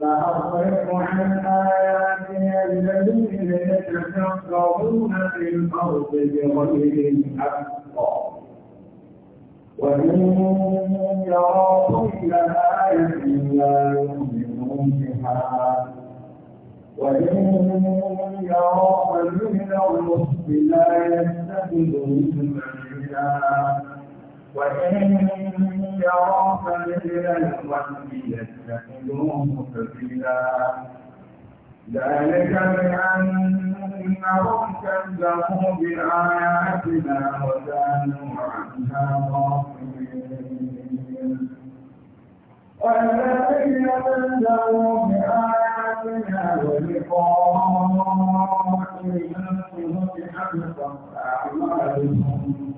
فأصرف عن آياتي الذين يتكبرون في الأرض بغير الحق وإن يروا كل آية لا يؤمنون بها وإن يروا سبيل الرشد لا يتخذون سبيلا وإن الشراف من الوهم يتخذوه سبيلا ذلك بأنهم كذبوا بآياتنا وكانوا عنها غافلين والذين كذبوا بآياتنا ولقائه حبطت أعمالهم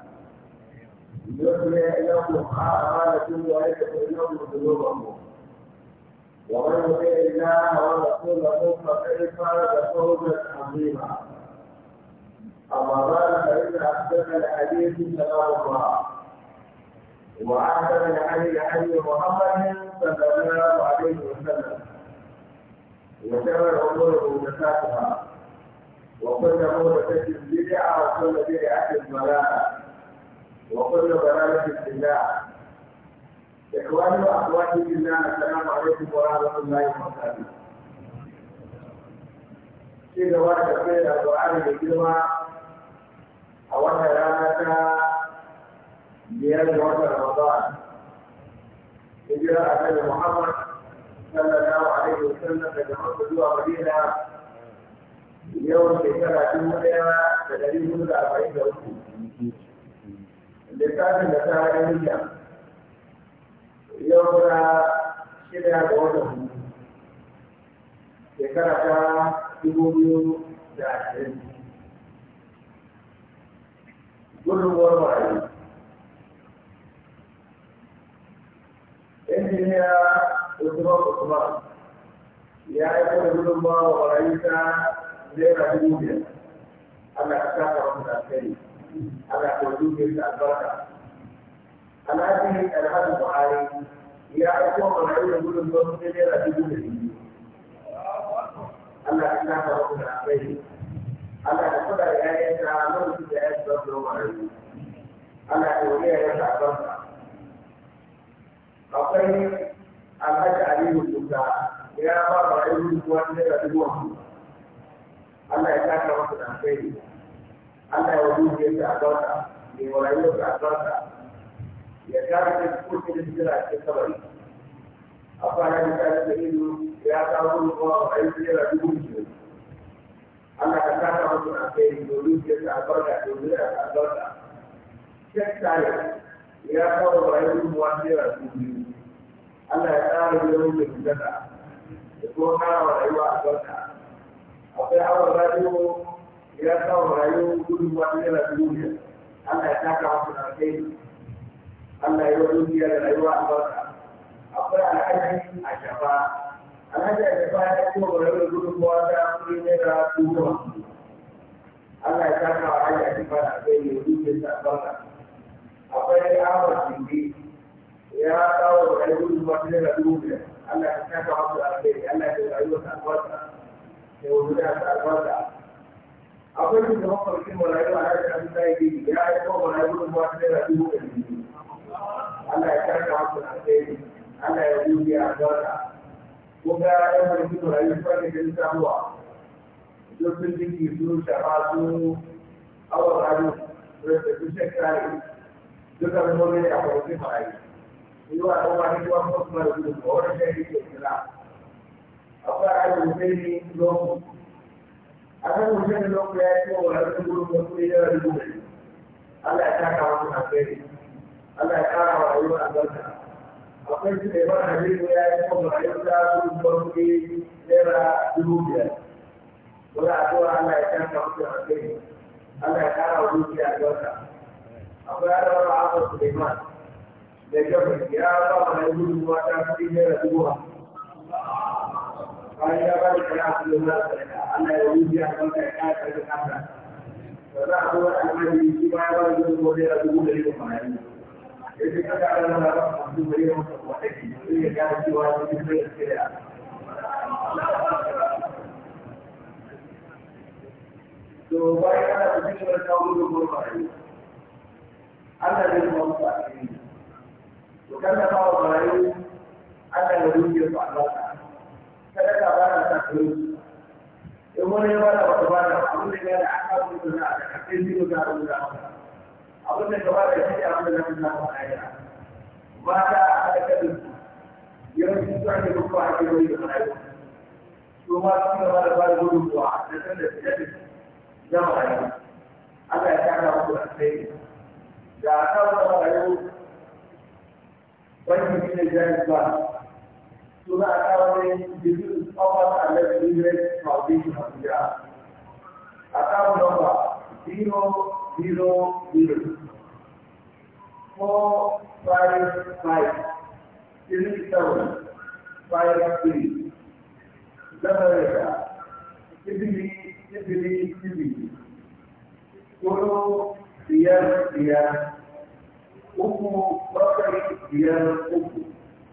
ومن يطع الله ورسوله فقد فاز فوزا عظيما أما بعد فإن أصدق الحديث كلام الله وأحسن الحديث حديث محمد صلى الله عليه وسلم وشر الأمور محدثاتها وكل محدثة بدعة وكل بدعة ضلالة وكل ضلالة في الله إخواني وأخواتي في الله السلام عليكم ورحمة الله وبركاته في جوار تفسير القرآن الكريم أولا رانا بيد وقت رمضان هجرة النبي محمد صلى الله عليه وسلم تجمعت جوا مدينة يوم شكرا جمعة تدريب 40 يوم littafin da ta yi niyya yau da shirya ga wata hudu shekara ta dubu biyu da ashirin gudunmuwar marayu injiniya usman usman ya aiko da gudunmuwa wa marayu ta naira biyar ana kasa wani da على حدود البركه. أنا هذه هذا البحاري يا أخوان أنا أقول لكم أنا أقول لكم أنا أقول لكم أنا أقول لكم أنا أقول لكم أنا أقول لكم أنا أقول لكم أنا أقول لكم أنا أقول لكم أنا أقول لكم أنا أقول لكم أنا أقول لكم أنا أقول لكم أنا أقول لكم أنا أقول لكم أنا أقول لكم أنا أقول لكم أنا أنا أقول لكم أنا أنا أقول لكم أنا أنا أقول لكم أنا أنا أقول لكم أنا Allah ya wuce ta albarka ya warayu ta albarka ya kare ta kusurin jira ta kabari a fara da ta ya kawo ruwa a aiki jira dubu biyu Allah ka kasa musu a kai domin ya ta albarka domin ya ta albarka Shek Tare ya kawo rayu ruwa jira dubu biyu Allah ya tsara da rufe da kuma kara rayuwa albarka akwai hawa rayu ya kawo rayuwar gudunmuwa ta yana duniya Allah ya taka masu na kai Allah ya yi duniya da rayuwa albarka akwai alhaji a shafa alhaji a shafa ya kuma rayuwar gudunmuwa ta kuri naira dubu hamsin Allah ya taka wa a kai ya duniya ta albarka akwai awar jimbi ya kawo rayuwar gudunmuwa ta yana duniya Allah ya taka masu na kai Allah ya rayuwar ya da akwai da kuma farkin marayu a harkar abin da yi, ya yi kuma marayu da kuma tsaye da dubu da dubu Allah ya karka haka na tsaye Allah ya buɗe a gaba kun ga yan farkin marayu su ne kan samuwa duk sun jiki su shafa su awon radu da su shekara duka nome a farkin marayu yi ɗan wani kuma kuma marayu da wani shekara akwai ayyukan ne lokacin akan mutum da ya ce wa rasu gudun wasu ya rasu gudun Allah ya taka wasu na kai Allah ya kara wa rayuwa albarka akwai su da ban hajjiru ya yi kuma rayuwa da gudun wasu ne naira dubu biyar wanda a zuwa Allah ya taka wasu na kai Allah ya kara wa dukiya albarka akwai adawa a Abu Suleiman da ya ya ba wa rayuwa da gudun wasu naira dubu hamsin فإذا بدأ في أن يوجد أنك كافر كافر وبعض أحد يجيب على وجود وغير دخول اليوم عليه إذا كان على ما رفض اليوم وحكي إذا كان في واجب في الخيار تو باید از این مرکز رو بکنیم. أنا للمنصحين وكما قال إبراهيم أن الوجود يطلق sadaka ba ta sa ka yi in wani ya bada wata bada abin da ya da aka da a da aka da abin da aka abin da ka bada shi abin da na fi a yi mata a da su yawanci su ake rufa a ke wani da marayu su ma su ka bada bada gudunmuwa da san da fiye da ba marayu Allah ya kara Da a tsaye da aka wata marayu bankin shi ne jami'a So that accounting, this is almost under 300 foundation of the earth. Account number 000 four five five three seven five three. Leverage. Ibili, ibili, ibili. Kulu, biyar, biyar. Uku, bakari, biyar, uku.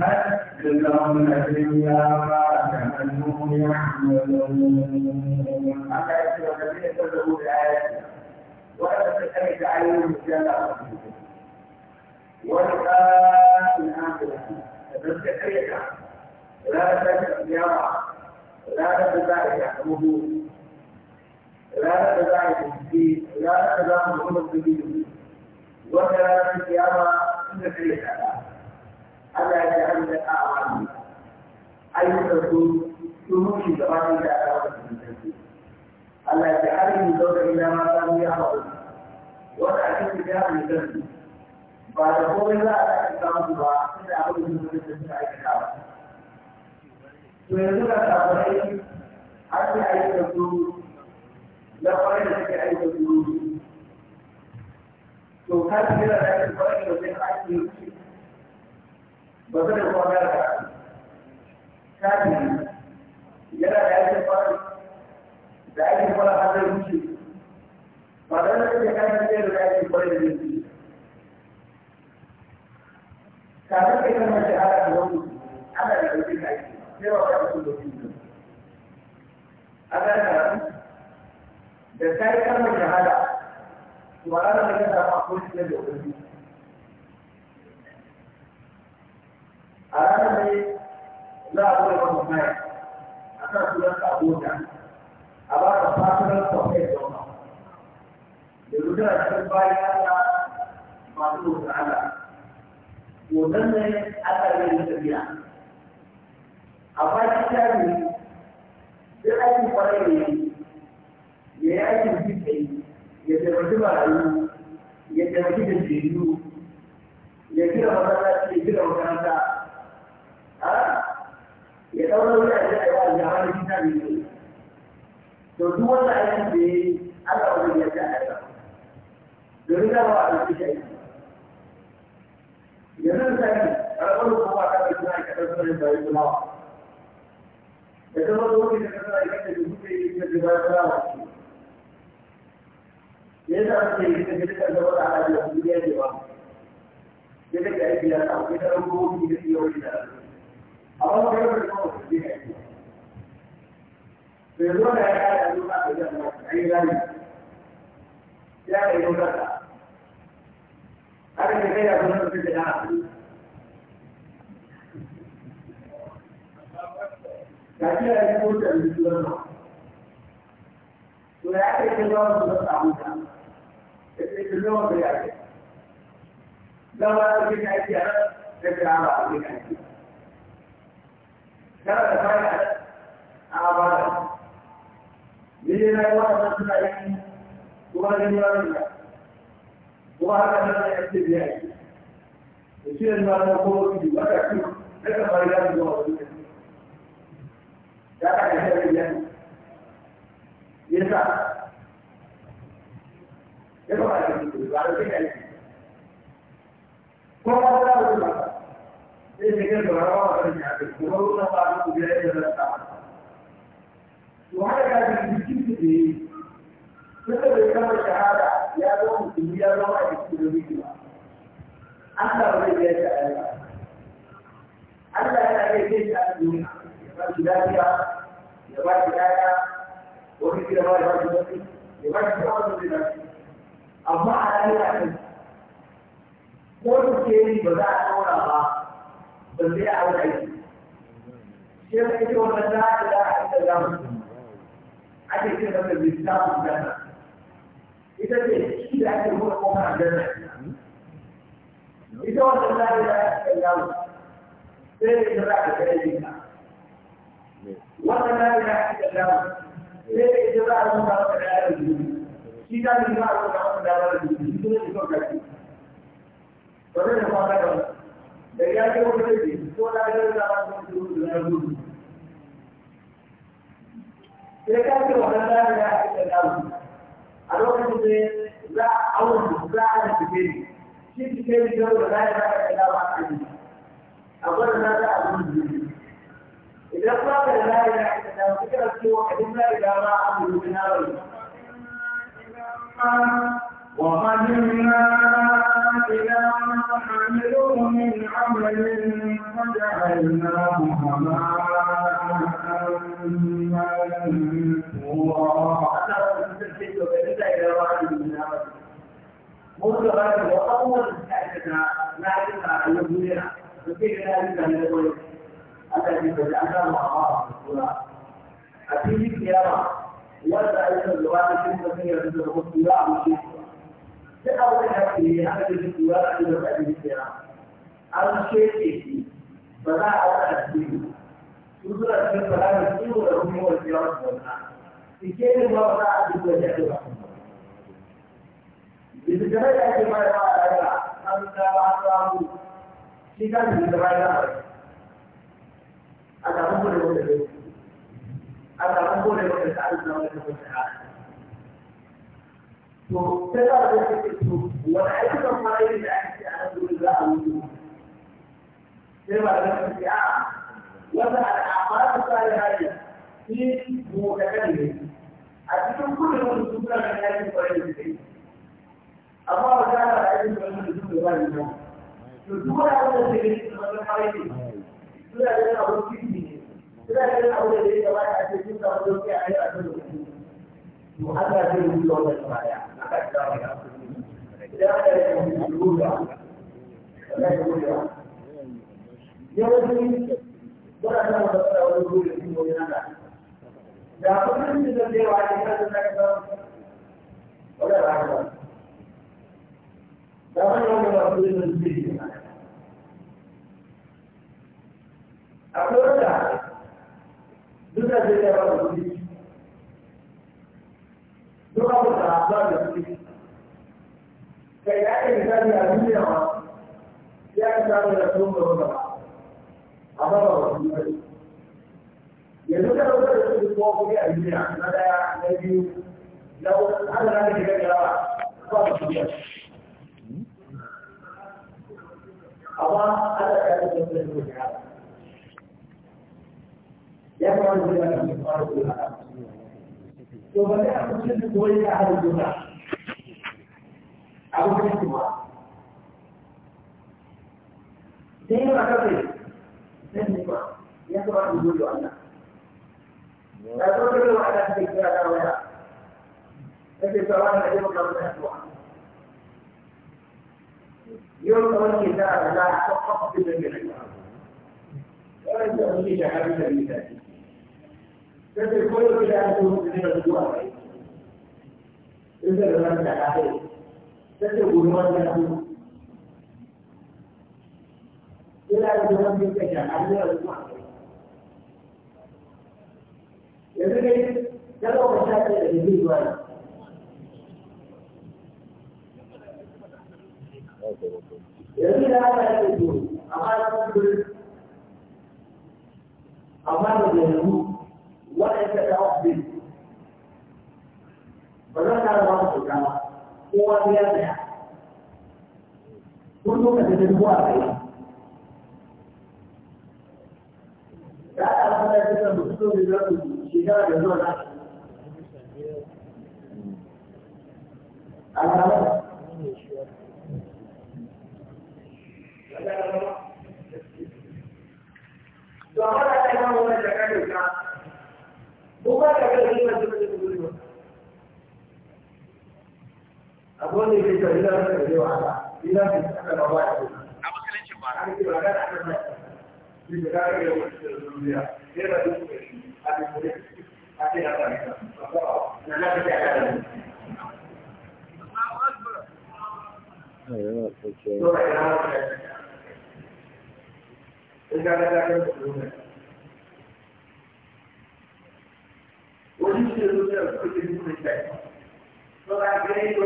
هل لهم الدنيا ما كانوا يعملون أما يسوى الذين كذبوا بآياتنا ولا تستمع عليهم رجال والآن الآخرة تستحيك لا تجد يرى لا تتباعد يحكمه لا تتباعد في لا تتباعد محمد به وكذلك يرى إن في الحياة Allah ya ji an da ƙawa ne ayyukan su sun mutu da wani da aka wata Allah ya ji da yi da ila ma ta biya hawa wata a cikin da ya ba da komai za a ɗaga samu ba sai da abin da Su da suka ta ba. To yanzu da sabarai har sai ayyukan su na kwarai da suke ayyukan su to kan kira da ya kwarai da suke aiki. ba zai kuma gara da kafin yana da aikin fara da aikin fara har zai wuce ba da aikin fara da kafin wani ana da kai sai ba ka a da da kai to da ne da a ranar ne za a bude wani mai a kan sunan abota a ba ka fasirar kwafai da wani da zuwa cikin bayan ala masu roƙon Allah hoton ne Allah zai yi tafiya a bayan shari sai aikin kwarai ne ya yi aikin fitai ya taimaki marayu ya taimaki da jiriyu ya kira masallaci ya kira makaranta ya daura wani a jiya yawa da wani gida ne to duk wanda aiki da ya yi Allah wani ya ce a domin da ba a ɗauki shi yanzu da sani ƙarfar kuma a kan suna aika ɗan sanin bayan sulawa da zama wani da kasar aika da duk da yi da jiba ya sulawa ce ya sa suke yi da jirgin zama da alaƙa da su biya ba ya da aiki ya samu ya ɗan gobe da iya wani da أول كلمة الموت دي حقيقة في دون هذا اللغة بجد عينا يا أيها أنا كده أقول في الجنة لكن يقول المسلمون ويعطي الله بالطعام يتكلمون بيعطي لو أنا في حياتي أنا في العرب في حياتي kana da a abada ne ne na wannan suna yi kuma ne ne wannan kuma haka nan ne ake biya yi da shi ne ma ta kuma su ba ta su da ta bari da zuwa wani da ka ga shi ya ba ta ba ta kai ko ma ta ba sai da kan gaba wa ce ko ba ta ku da yadda da ta to haka ka ji cikin su ne sai da kan shahada ya zo mutum ya zo a cikin da miki ba Allah bai da ta ayyuka Allah yana da yake ta duniya ba shi lafiya ya ba shi ba shi ya ba shi amma a ko da ke ba za a بالبدع والعلم شيخ كتب المساعد لا حتى الأمر عشان كده بس بيستعمل الجنة إذا تحكي لك هو قوم على الجنة إذا وصل لا إلى الأمر سير إجراء الجنة وصل لا إلى الأمر سير إجراء المنطقة على الجنة إذا من الله سبحانه وتعالى يقول لك فمن هو هذا da ya ce wani rage ko na ga da ba su da na gudu sai ka ce wannan da ya ce da gudu a lokacin da za a auna za a yi tikeri shi tikeri da wanda za a yi da ba a yi a gwada na za a gudu idan ba ka da kadin a gudu na wa إلى ما حملوا من عمل فجعلناه هباء مرتبات وأول حاجتنا نعرفها أن نبنيها وكيف ذلك نقول الذي فجعلناه هباء مسكونا أتيك يا رب ولا أيضا الواجب في الخطوة مشيئة duk abin da kake yi aka ji a cikin abin da an sheke shi ba za a wata cikin su suna cikin salamin ciwo da kuma wajen yawon kyauta ike ne ba ba a cikin wajen kyauta Bisikarai da ake bayar wa a daga an gaba an samu shi kan shi da bayan labarai. A samu kodai wanda zai a samu kodai wanda ta arzina ta wata to da take to wani ayyukan da ake a nan a mutu sai ba da wata da ne a cikin da ba za a yi da wani da ba da suna ne suna da ya kamata a cikin da wani a yi a cikin to Allah zai yi da wannan baya aka kira mai idan aka yi lura Allah ya lura yawanci wanda ta wata tsara wani lura shi wani nana da kudin da zai wa ne kan da ka wala rayuwa da wani wanda ba su da zai yi akwai wanda duk da zai yi ba su سورة الأعضاء التي كي أي كتاب يأتي يا كتاب يكون ربما أمر رسوله يذكر رسول الله في أجمع ماذا الذي لو أنا لم يجد قال أما أنا كان يقول تعالى يفعل بما في القرآن وبدأت تشد قويك على الجماعة أو الاحتمال زي ما تقول سلمك يقرأ يقول أنا لا تقول له على هذه الكلام ولا لكن سواء يوم كمان يوم كمان كذا لا تقصد بالمعنى ولا تقصد بهذه المثال لكن كل شيء يكون من الجوع إذا لم تعلم تقول ما تقول إلى أن تنظم تجعل على الجوع يبقى لو مشاكل الجديد ولا يبقى هذا الجديد أمام الجديد أمام الجديد waɗanda ta wasu ba za ta rawa su ta ba ko wani ya ɗaya ko zo ka tafi zuwa ga yi ya ta rawa da ya ta rawa su ta rawa su shiga da zuwa na su a rawa Tu amor a tener un buen secreto y ko ba ka ga ina da guri ba abu ne ke tare da ka yi wa ala ina da aka ba ba a musulunci ba a ce ga da aka ba da ga ga wani da duniya ne da duk a da kure a ce da ka na na ka ta da Ayo, oke. Ina da kan duniya. polícia do Brasil que eles não têm. Não há grande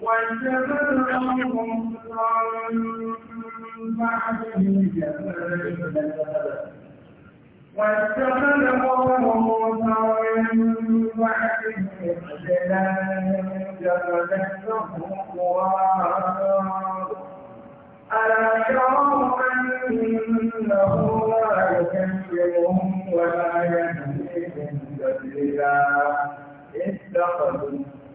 وجزاهم بعده بعدهم واتخذ قوم موسى من بعده عجلا جعلته قرارا ألا يروا أنه لا يكلمهم ولا يهديهم سبيلا اتخذوا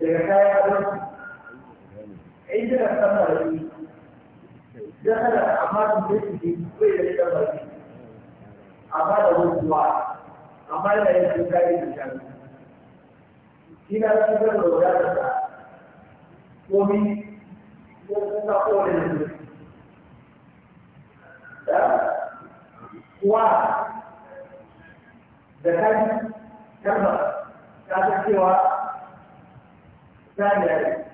daga kaya don ai da san bari da kada amma da su ji bai da san bari amma da wucewa amma da yin kai da shi shi na shi lura da ta komi ko kuma ko da shi da kuwa da kai karba ta cewa ثانيا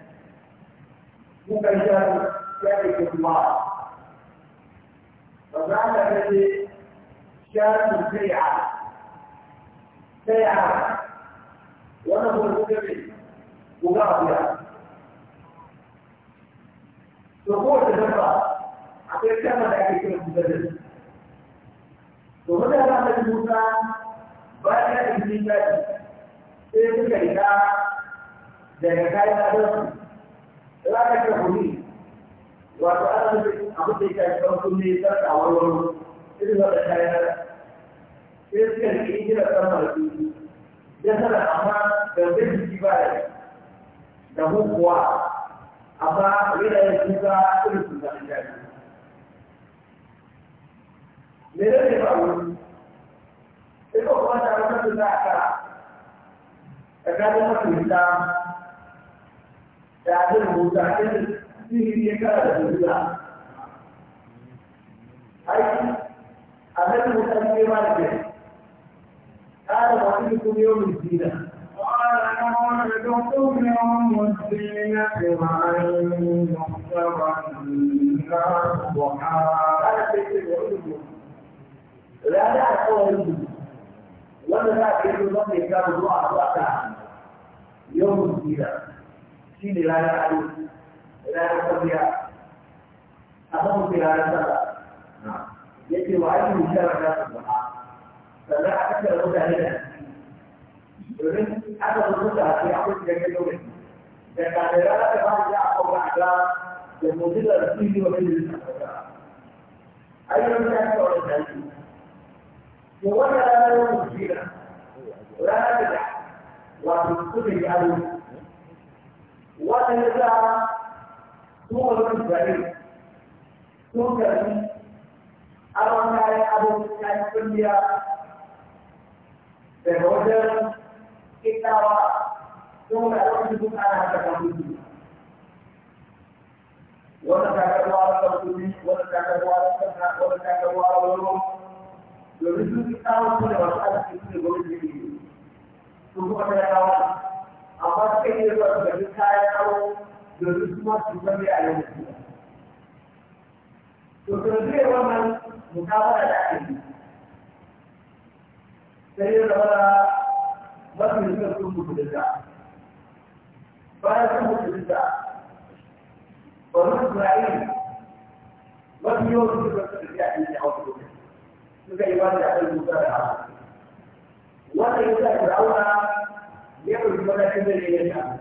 ممكن يكون شارك الله وهذا الذي شارك سيعة سيعة ونهو المسلمين مغابية سقوط الجبهة عقل كما ذلك المسلمين وهنا هذا الموسى بعد الإنجاز في كذا dan saya tak berhenti. Telah kebuni. Waktu ada aku berikan konsumen di atas awal itu adalah ada saya. Kerja ini adalah sama lagi. Jadi apa kerja siapa? Kamu kuat. Apa kita juga perlu kita jadi. Mereka tahu. Itu kuat cara kita akan. Akan kita da abin rubuta ɗin sihiri ya kara da duniya. Aiki, abin rubuta ne ma da ke, ƙara masu yi kuma yau mai zina. ولنعرضكم يوم الزينة مع المحتوى النار ضحى. لا تعرفوا shi ne ranar ado ranar kwalliya a saman fi ranar sallah ya ce wa ake wutar da su ba sannan a kasar mutane da domin aka zuwa da ake akwai da ya gaba da kadara da ba ya akwai a ga da mutuwar fili wa fili da ta ayyukan da aka wani dalili to wannan ranar mutira ranar da wato suka yi ado waɗanda za a wani gari sun gari aron kayan abin kayan kulliya daga wajen kitawa sun ga ɗauki ana da kwamfuti wata takarwa da kwamfuti wata takarwa da kwamfuti wata takarwa da wani domin duk kitawa su da wasu arziki su ne gwamnati su kuma ta yawa amma suka yi da su gaji kayan aro domin kuma su zama a yau to sanadiyar wannan mukabara da ake yi sai da zama na mafi sun sun mutu da ta bayan sun mutu da ta wani isra'il mafi yawan su suka suka ji a cikin suka yi ba da abin musa da hausa wanda ya sa fir'auna ya ɗauki matakin da ya yi ta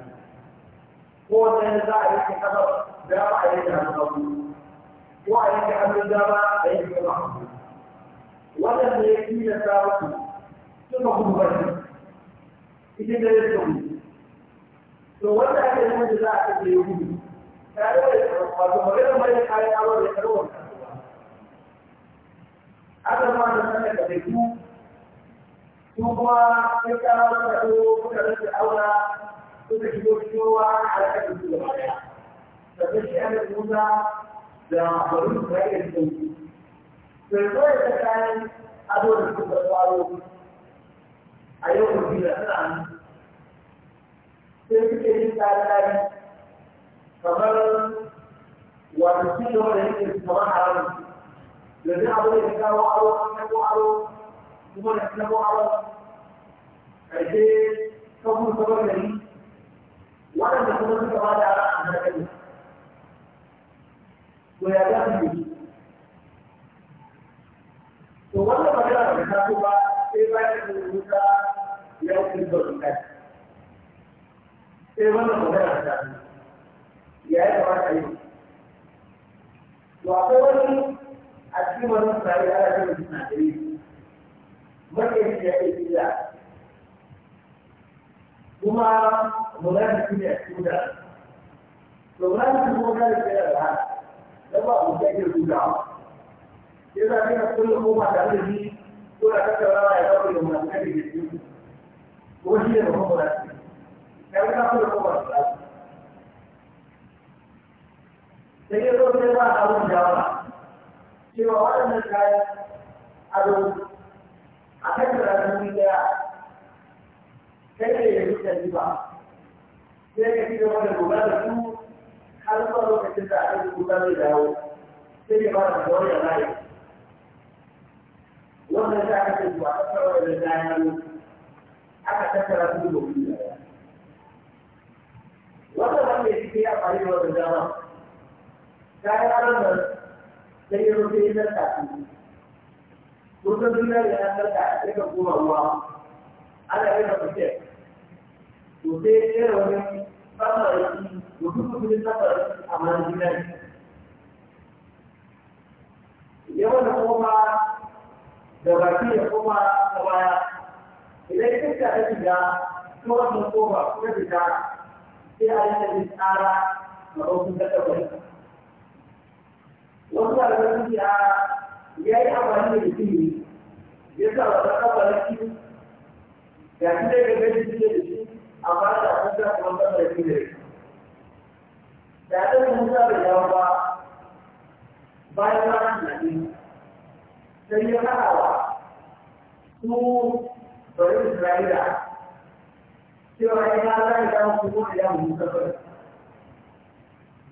ko za a yi ta kasa ba a yi ta hannu ko a yi ta hannun ba a yi ta hannu wannan da ya fi da samun suka kuma bari ita da ya tsamu to wanda ake yi da za a kace ya gudu tare da wato magana mai kayan awar da karwar kasuwa aka ma da sanar da ku ثم يتابعوا فترة الأولى تدخل الشوى على كتب الأولى فتشأل المدى لعبرون غير الجنس في الغاية كان أدور الكتب الفاروق أيوم في الأسلام تلك الإنسان فمن وتسيره لأنه الصراحة لأنه أدور الكتاب وأدور الكتاب kuma da na bawa ƙarshe kafin sabon gari waɗanda kuma suka ba da a zargani ya za su yi to wanda magana da ta ba sai bayan da wuta ya wuce da kai sai wannan magana da ta ya yi kamata yi to akwai wani a cikin wani tsari ana jin da suna yi mafi da ya iya kuma munafiki ne a cikin to munafiki kuma ka da kira da ba mu da kira da ya za ka na kullum ko ma da ni ko da ka rawa ya ba da munafiki da ko shi ne ba munafiki kai ka kullum ko ba da sai ya zo sai ba abun jawa cewa waɗannan kayan ado a kan ranar daya kai ne ya yi tafi ba sai ka ci gaba da lura da su har zuwa lokacin da aka rubuta zai dawo sai ya fara da wani rayu wannan ta aka ce zuwa kasar wani da daya aka tattara su da wuri wata wanda ya fi ya fari da wata dama ta yi ranar da sai ya rufe yin tafi kusan duniya da ya sarka a cikin kuma ruwa ana yin da kuke to sai yana wani samaraki mutum mutumin samaraki a mana duniya ne yawan da kuma da baki da kuma ta baya idan iska ta shiga kuma wannan kofa kuma sai a yi da tsara na ɗaukun ta ɗaukar wasu da da ya yi amfani da sihiri ya sa wata kafa ciki ga shi da gaga da shi da shi amma da an sa kuma sa da shi da shi da ɗan musa da yawa ba bayan ma na ne sai ya haɗa wa su bari isra'ila cewa ya ma za ya mu kuma ya mu musa ba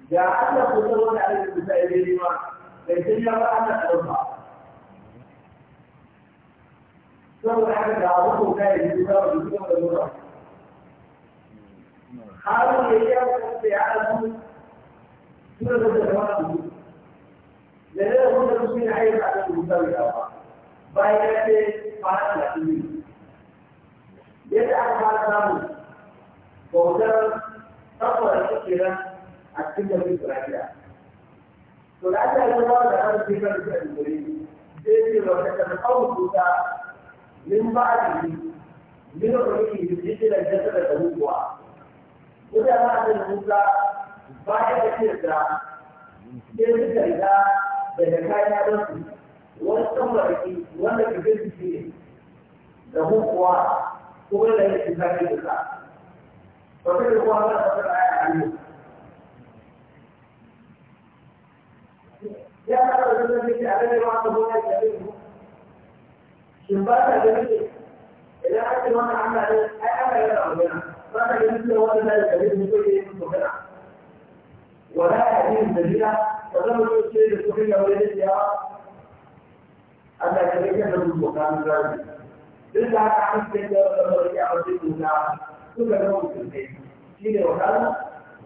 ga Allah ko saboda Allah ya musa ya ma bai san ya ba Allah da ba لو حاجة عرضه كان يجبار بسيطة للرحمة حاولوا يجب في عالم سورة الزمان لأنه هو المسلمين عايز على المساوي الأول بايدات فعلا الأمين يدعى فعلا نامو فوزان تطور الشكرة أكتب في الرحلة ولعل الزمان لأنه في فرق المريد إيه لو تتنقوم بها min ba a cikin min ba a cikin min ba a cikin min ba a cikin Wata ma a cikin a cikin da ke suka riga daga kayan don su wani tambariki wanda ke zai cikin ne da hukuwa ko wanda ya cikin zafi da sa. Wata ne kuma wani wata na yaya ne. Ya kada wajen zai cikin a rage ma ta gona ya cikin shin ba ta ganin idan ake wannan Allah ne ai Allah yana magana ba ta ganin cewa wannan da gari ne ko yake yin magana wala hadin dalila ba zan so ce da su ya Allah ya rike da mu ko kan zai duk da haka an ce da wani ya wuce duka suka ga mu ne shi ne wala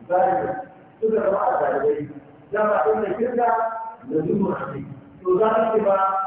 zai suka ga ba a dai da ba inda kirka da zuwa ne to zai ba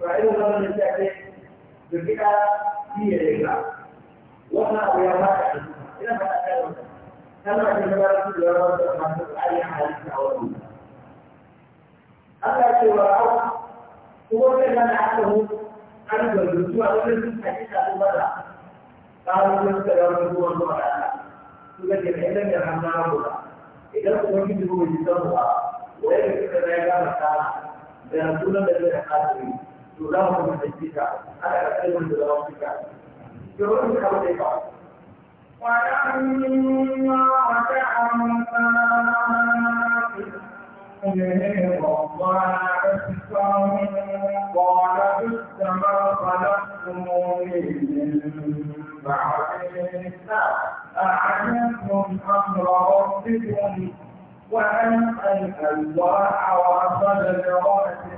ra'ayin zaman da ke da fi ka yi ya yi ra wata abu ya ba ka shi ina ba ka yi wata kana shi na bara su da rawar da masu ayi hali na wani aka ce wa abu kuma kai zan da mutu an da zuwa wani sun ka yi ta kuma da ta wani sun ka da wani kuma zuwa da ana su ka ke ina da hannun rawa idan kuma kiji kuma ji sanuwa wani da suka zai gama ta da sunan da zai da يلام بحجك أنا خير بلومك يرد خلقك ولما رجع موسى إليه وضاع بسرا قال بئس ما خلقتموني من بعدي أعجبتم أمر ربكم وأن الألواح وأخذ برأسي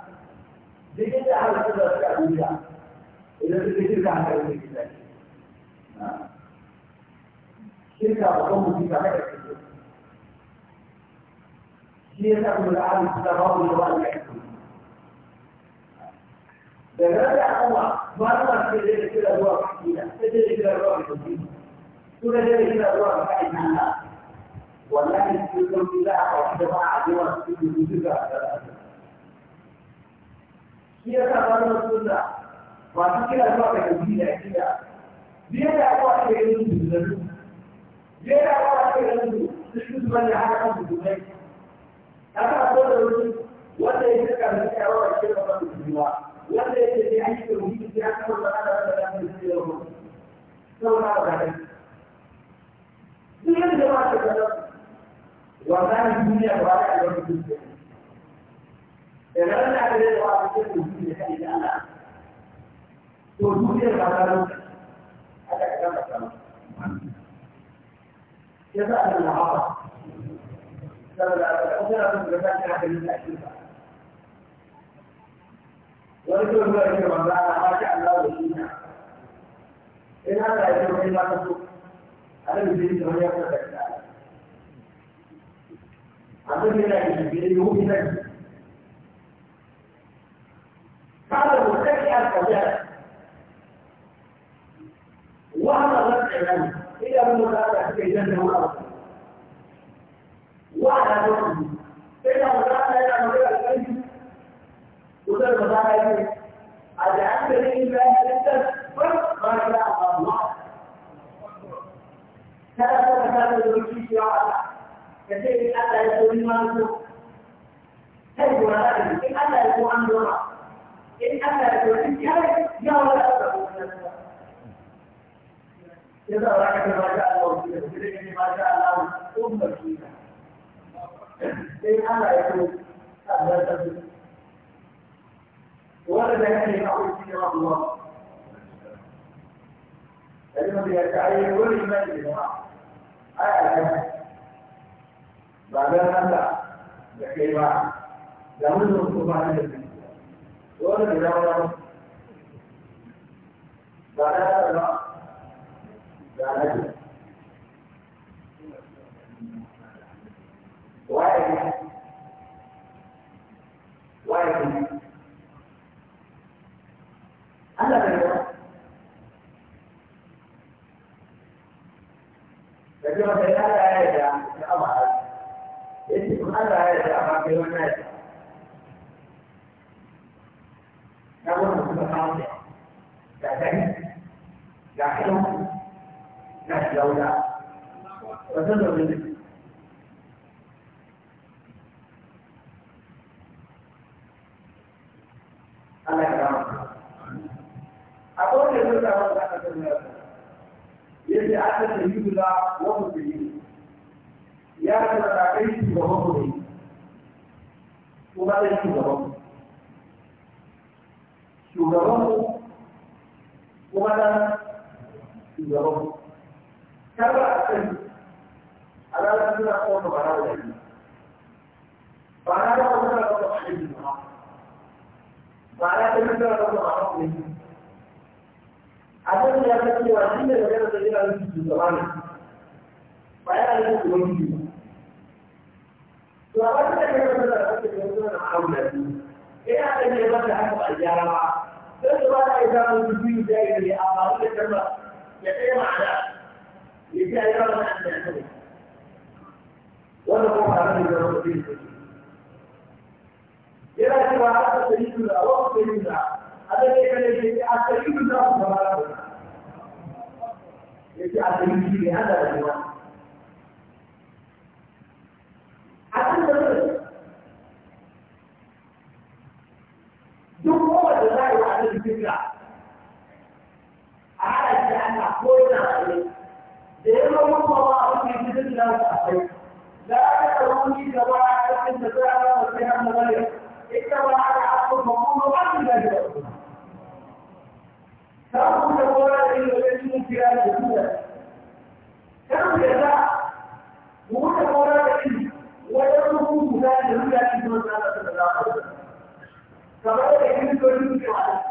لكن ده على قدر التأويل إذا كنت ترجع عن تأويل الكتاب شركة تضم في حاجة هي تأخذ العالم تتبعه لواء يحكم بماذا الله مرة تدري كل أدوار حكينا تدري كل أدوار حكينا تدري كل أدوار حكينا ولكن تلك الولاء وحدها عدوى تلك الولاء shi ya sa ba na sunna masu kira zuwa ga yanzu da kira Biya da aka wata ga yanzu da zuru biye da aka wata ga yanzu su har kan su zai aka so da wani wanda ya shirka da ya rawa shi da ba wanda ya ce ya yi tauhidi ya kawo da ana da da su da mu sauna da kai duk yadda ma ta kada wa duniya ba ta da wani لأن هذا هو الذي يحدث لنا وجود الغرام هذا كلام السلام جزاء من العطاء ولكن ذلك ما ما شاء الله فينا إن هذا يجب أن لا تسوق على الجديد وهي تتكلم عندما لا يجب أن يؤمن بعد المستشفى الطبيعي وهذا رفع الأمر إلى من مدافع في الجنة والأرض وعلى نفسه إلى مدافع إلى مدافع الجنة وصل مدافع الجنة أجعلت لله لتكبر ما شاء الله كذا كذا كذا يمشي في عالم كثير حتى يكون ما نقول هل هو هذا إن أتى يكون عن دونه in Allah yi zo in ya ya wani ta ya za ka ga ba ta Allah da gidan ne ba ta Allah umma kina sai Allah ya zo Allah ta zo ورد هذه الأول في رحمه الله كلمة يتعين da بالجماعة آية بعدها نبدأ بكلمة لهم سبحانه ولا يرى فلا يرى لا نجد واحد واحد أنا بيرى لكن مثلا هذا هذا أمر يجب أن هذا هذا أمر في الناس نقول متفاوتة لا تهي لا حلم لا جولة وتنظر للنفس الله يرحمه أقول لك أنت أقول yadda aka da yi da wani da yi ya kada da kai shugaban mu ne kuma da shugaban mu shugabanku kuma na shugabanku kaba a kan a ranar suna kawai ba na wani ba na da wani suna kawai a yi ba na da wani suna kawai a yi a kan ya ta cewa shi ne da yana da yana da shugaba ne ba yana da shugaban gidi ba. Shugaban da ya yi da suna da suna da aure da su. Ina da ne ba da haka ba a gyara ba. لكن ما إذا المسلمين دائما لأعمال الجمل يقيم على لكي يرى أن يعتمد ونقوم على الجمل إلى كما أتريد الله وأتريد الله هذا كيف يجب أتريد الله سبحانه وتعالى يجب أتريد لهذا الجمال حتى دون قوة الله الفكرة على أن أقول عليه لأنه هم الله في جزء لا تأخذ لا تتروني كواعد من تساءل والسلام غير إنما أنا عبد المقوم وقبل ذلك فأقول لك الذي يمكن أن يكون كم جزاء وقول لك ويرمون ذلك الذي يمكن أن يكون كما يمكن أن يكون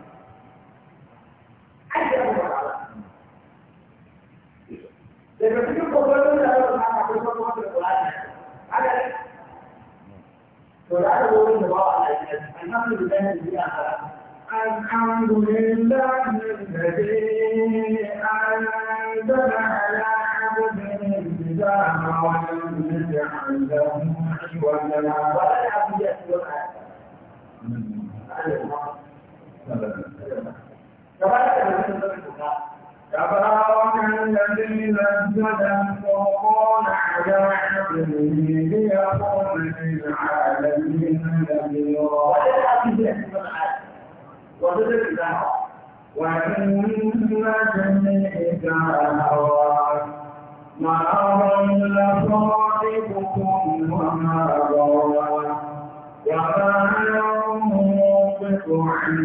الحمد لله الذي أنزل على عبده الكتاب ولم يجعل له عوجا ولا يسلك تبارك الله الذي نزل الفرقان على عبده ما ضل صاحبكم وما غوى وما ينطق عن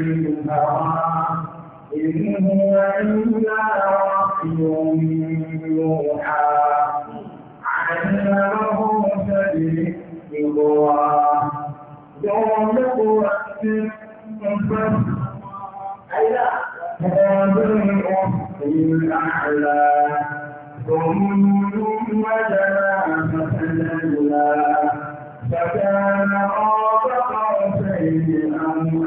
الهوى إن هو إلا وحي يوحى علمه شديد القوى يوم قوة النفس هذا الأفق الأعلى ثم دنا فكان قاب قوسين أو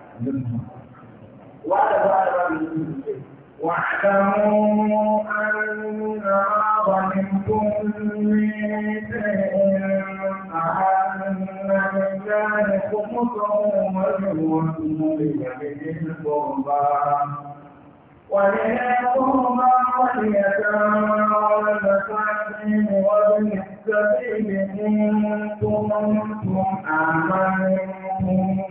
منها واعلموا أن ظلمتم من شيء فأن لله خمسه والوكيل بالقربى وللقربى واليتامى والمساكين وابن السبيل إن كنتم آمنتم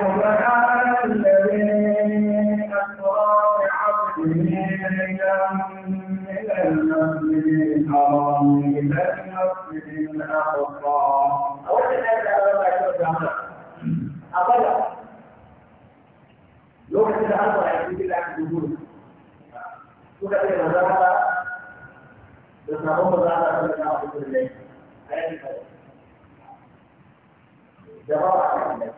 سبحان الذي أسرى بعبده ليلا من المسجد الحرام إلى المسجد الأقصى. أقل lokacin da an fara yanzu da aka dubu suka ce ba za ka da sabon ba za ka da na abu da ne a yanzu da ba a kan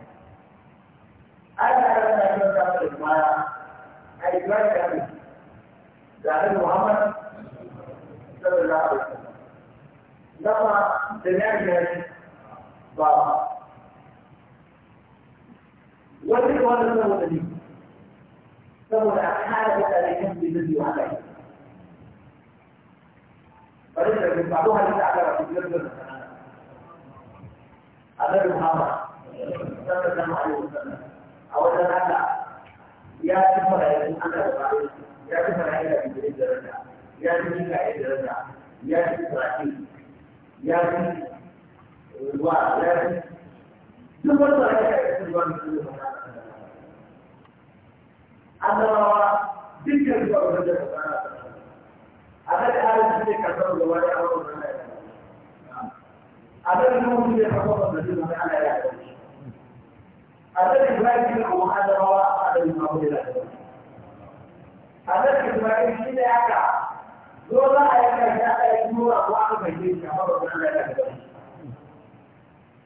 إجمال الأمين لأن محمد صلى الله عليه وسلم لما بنعمل بابا وجد وانا سوى النبي سوى الأحالة عليهم بالذي وعليه فليس من بعضها ليس على رسول الله على محمد صلى الله عليه وسلم أولا هذا ya ci fara'in ana da ya ci fara'in da bijirin daraja ya ci mikayen daraja ya ci fara'in ya ci ruwa ya ci duk wani fara'in da ya ci ruwa mai cikin annabawa dukkan zuwa wajen da ba a kan tsarin su ne karɓar gaba da awon wannan ya a kan zuwa su ne karɓar gaba da awon wannan ya a kan ibrahim ne kuma annabawa abin abu da zai a nan kimanin shi ne haka zo za a yi karshe a yi nuna ko aka bai yi shi amma ba ku nan da ya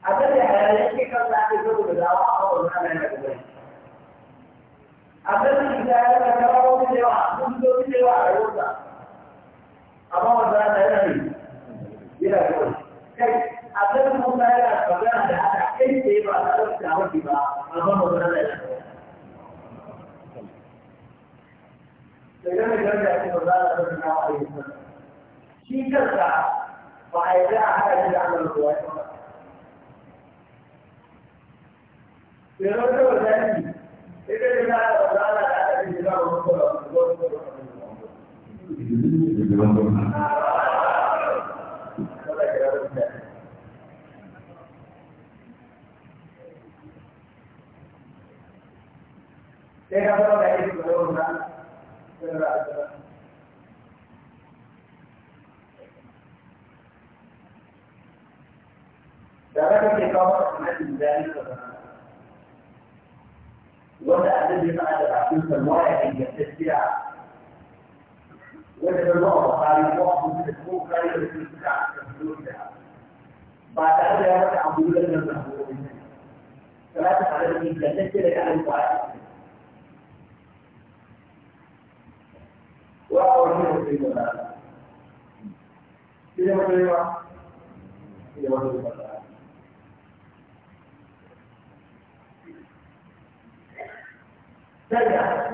a nan da ya yake kan za a yi zo da dawa amma ba ku nan da ya gaba a nan shi ne ya yi karshe ba wani da yawa kun zo da yawa a yau da amma ba za a yi yana gaba kai a nan kuma yana magana da haka kai ce ba a ɗauka wani ba amma ba ku nan da ya فإنما إذا Thank you. درجة إقامة مثل ذلك وده الذي قاعد بعثوك المواقع التسبيع وده النقطة قال الوقت التسبوع قال التسبيع بعد هذا يرجع عبد الله بن مسعود ثلاثة على الإنجيل تسبيع على الواحد وأول شيء في المدارس إذا ما تريد إذا ما تريد بدأ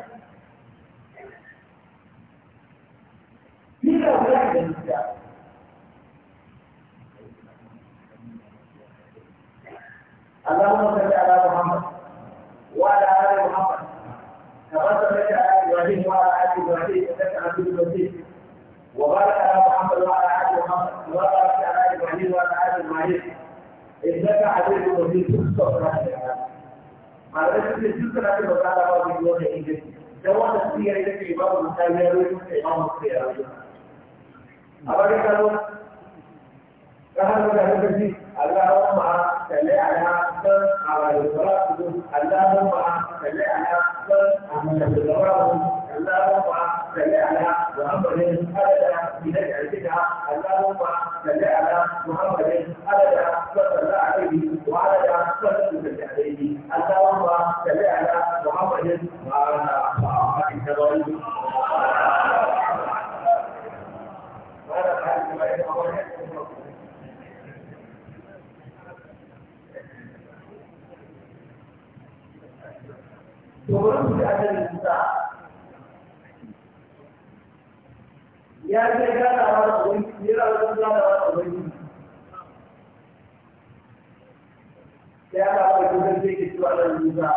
لما ولاحظ النساء اللهم صل على محمد وعلى آل محمد كما على إبراهيم وعلى آل إبراهيم إنك وبارك على محمد وعلى آل محمد وبارك على إبراهيم وعلى آل إبراهيم إنك حبيب مجيد صلى الله malamai sun ce duk suna ce ba za a ba su yi don wannan siyar ba mu ya a bari kakar da ta kashi Allah wa ma tale a ya san amal zuwa su Allah wa ma tale a ya san su Allah wa ma tale a ya muhammadin alaɗa ina ƙarfita Allah wa ma san sanda a kai wa san su da ke a Allah wa ma tale a ya a kai domin da aka Musa ya ce ganawa da wani yana wajen da wani ya ba da gudun da yake cewa da Musa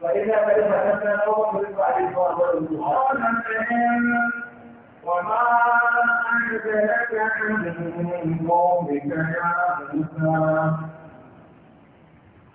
fa ina ka yi matan na kawo mutum da وما أنزلك عن قومك يا موسى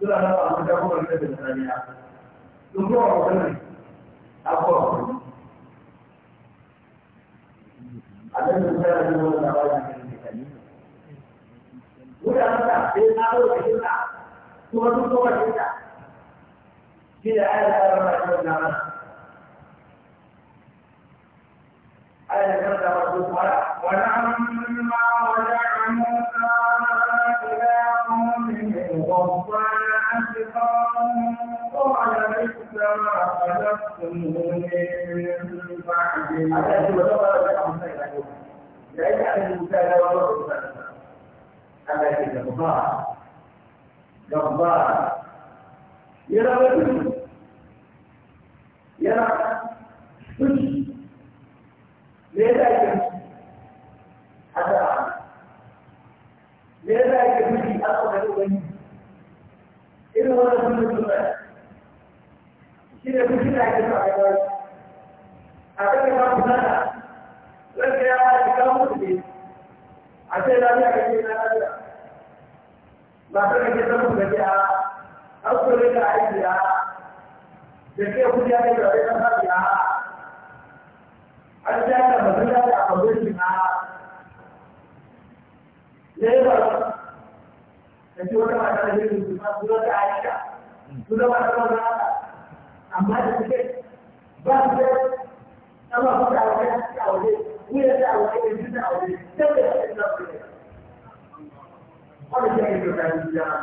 suna nan ba mun dawo da da tsaniya sun ko wa wannan abuwa Allah ya tsara da wannan labarin Wuda mata sai na zo da shi na kuma sun kowa shi na shi da ayar da ayar da ayar da ayar da ayar da ayar da ayar da ayar da عتقا قال بئس ما خلفتم من بعدي لأن أهل موسى لا يرون أما في غضبان غضبان يرى رجل يرى حج لماذا يكفي هذا لماذا يكفي أصلا أبني irin wannan sun mutu ba shi ne kuki da ake sa gaba a kan da ku nada ranka ya ba ki kawo mutu ne a ce lafiya kake na lafiya ba ka kake san ku gaji a an kore ka aiki a da ke kuɗi ake da wani kan hafi a an ja ka mutu da a kwamfani a ne ba da ce wata mata da jirgin su ma zuwa da aisha su da mata amma da suke ba su da sama su da aure su da aure wuya da aure da su da aure sai da su da aure wani shi ne da ta yi jama'a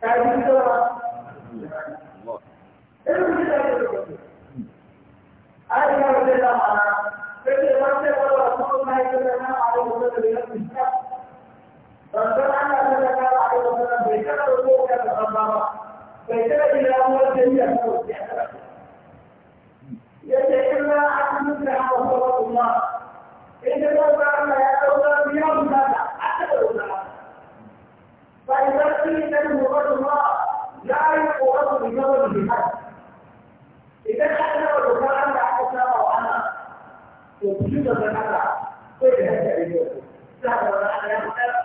ta yi jama'a irin shi da ya yi jama'a wajen da ma'ana sai da ya wata wata wasu kuma su yi jama'a a wajen da ya yi Manzon Allah ta da kawo a bai tara da ko ba bai an kuma ta a da yi Idan aka taɓa dokar Allah aka saba wa to da wani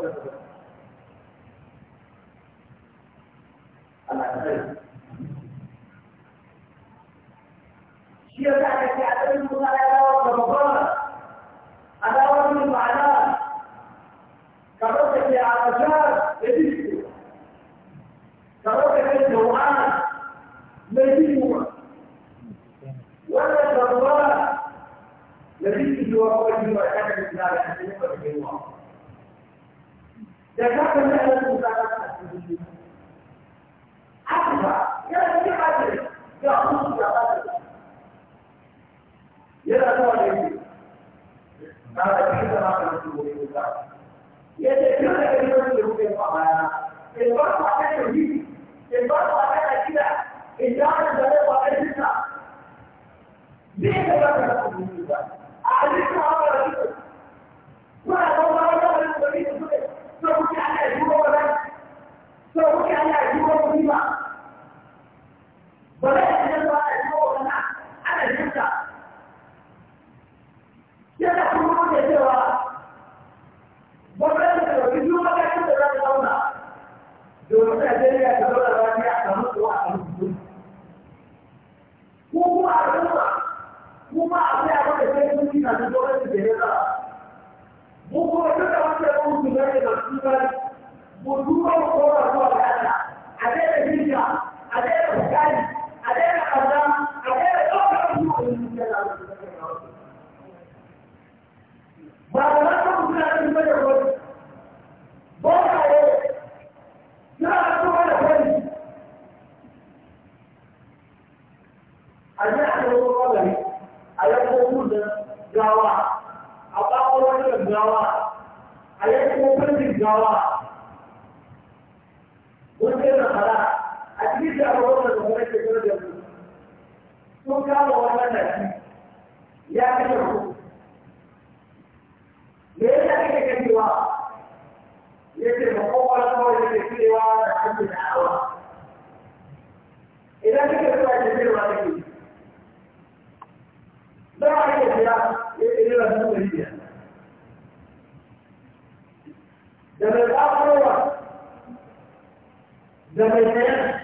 ولا تبقى الله يخليك شيء ذلك يعتمد على دواء رمضان عداوة المعنى كروتك يا عرجان يديك كروتك الجوعان يديك ولا الضرورة يديك جواب وجهه وكان الإسلام يحسنه وجهه 你看，现在这个共产党就是牛。啊！原来共产党人要自己表达自己，原来过去，当然现在共产党就是牛了。现在越来越牛，牛得发狂了，牛得发狂！الأقوى ده ما يتنسى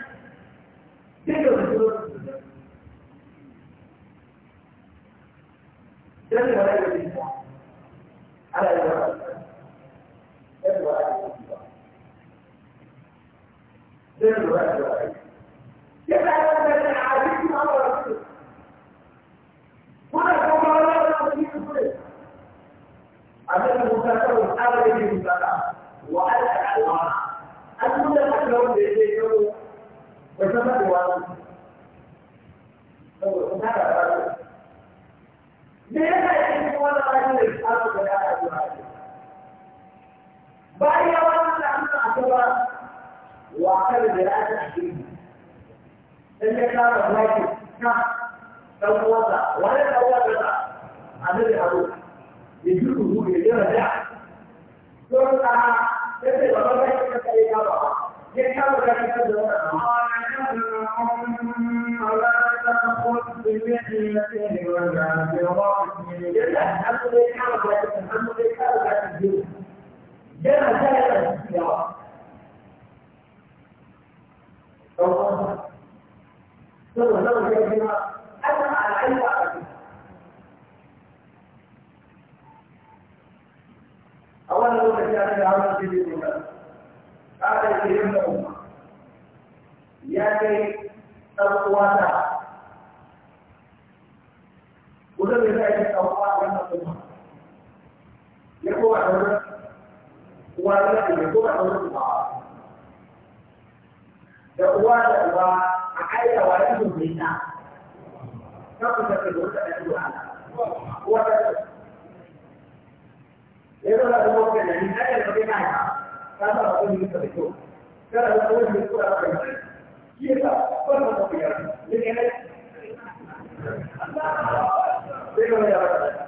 ranar da ko a wani ba da uwa da uba a aika wa ya sun bai ta ta ku tafi da wata ɗan uwa uwa da ya zo da kuma kan da ya rabe na ya ta ba ku da kyau kada ku wani da ku da kai shi ya ba ba ku ya ne ne Allah Allah sai ya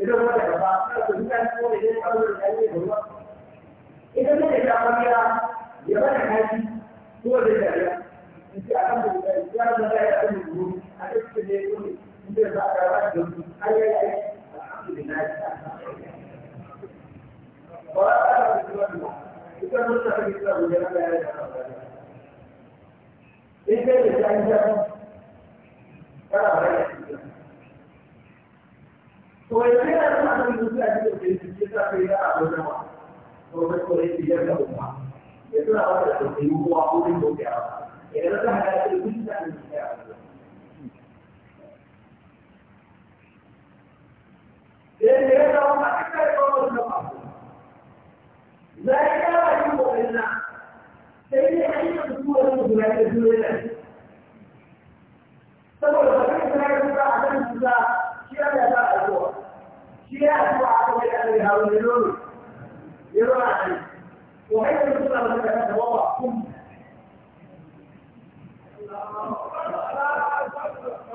idan ba da ba ta da mutane ko da yake kawo da ruwa idan ne da amariya ya ba da haji ko da dariya in ce akan da ya da da ya da mu a cikin ne ko ne inda za ka ba da mu ayi ayi alhamdulillah wa ta da ruwa ita mun ta fi da mu da ya da in kai da ta yi ta kana bayar da to wai sai da kuma ya ji shi ya yi yi guda da dia suatu yang dihalau dulu. Irani. Wahai Rasul Allah berkata bahwa kum.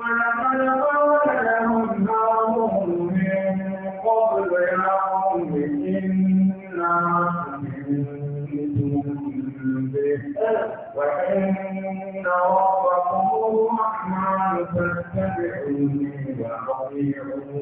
ولقد قال لهم قومهم من قبل يا قوم إنا كنتم به وإن ربكم الرحمن فاتبعوني وأطيعوا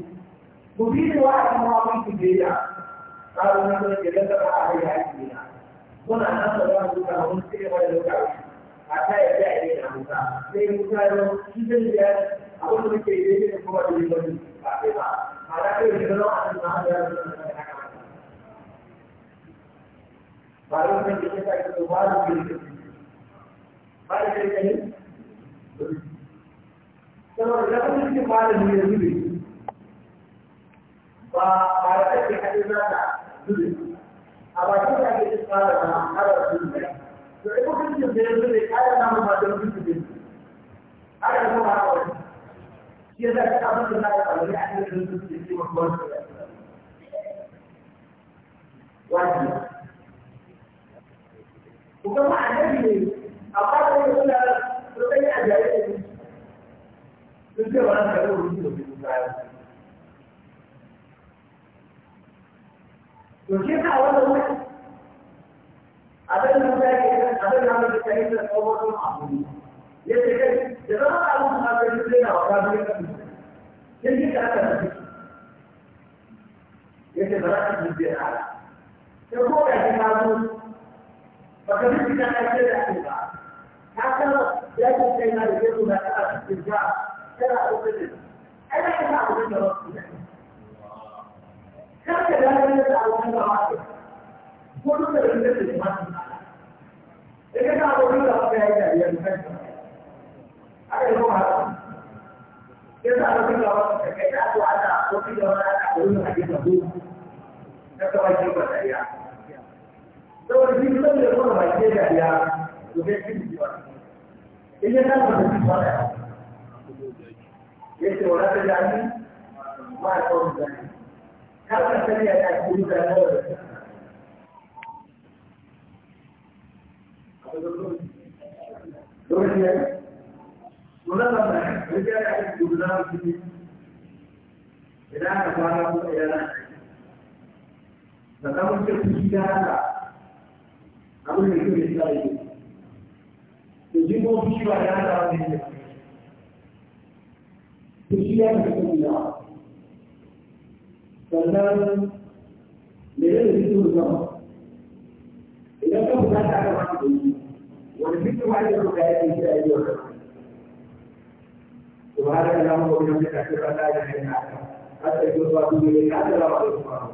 Kuji ne wa a kuma wani su biya, tsarin nan da ke daga a hari haƙi na. Muna nan da za su kama wani su yawa lokaci, a ta yi ta yi ta yi ta yi ta muka. Sai yi muka yi wani su zai biya a wani ke yi ta kuma da yi wani su ba. Ba ta kai wani zama a cikin ma'a da yawa da ta kama. Ba da wani da ke ta yi ta ba da ke ta yi. Ba da ke ta yi? Sama da ya kuma cikin ma'a da ne ya zube. Wa ba da haɗe za ta zube a bakin da ke cikin tsara na haɗa zube to ai ko kan da ya zube kayan namu ba don zube ne haka kuma ba shi yasa ta abin da za ka kalli a cikin zube da ke wani wani wani ku kama annabi ne a fatan suna sosai a jari'ai sun ce ba na yi wani da ke kusa yaushe ka wannan wani abin da mutane abin da mutane ke da kawo kuma abu ne ya kai da zama abu da aka yi zai na wata biyu kan ya ce ka aka da ya da ba ka yi ko ka yi ka zo ba ka yi ka ka da ake ba ka san ya ce kai na da zai zo da ka a cikin ja kana a lokacin ai na yi ka abin da wasu ne kar ka dakatar da abokan gaba ka ko duka da inda ke kuma su da ka ga abokan gaba yi dariya da kanka aka yi kuma Ke ya sa abokan gaba ka kai ta so ana abokan gaba na ana wurin a gefen goma na kawai ke ba dariya saboda shi kusan da kuma ba ke dariya to kai shi ne ba in ya kama da shi ba da ya ce wa ta jami'i ya kawo Kapan saya ya, mengapa da yang diulang sannan da yin rikin zama idan ka buka ta aka mata doki wani fitin ma ya ruka ya ce shi a yi wa kama to da zama ko biyan da kafin da ka ta da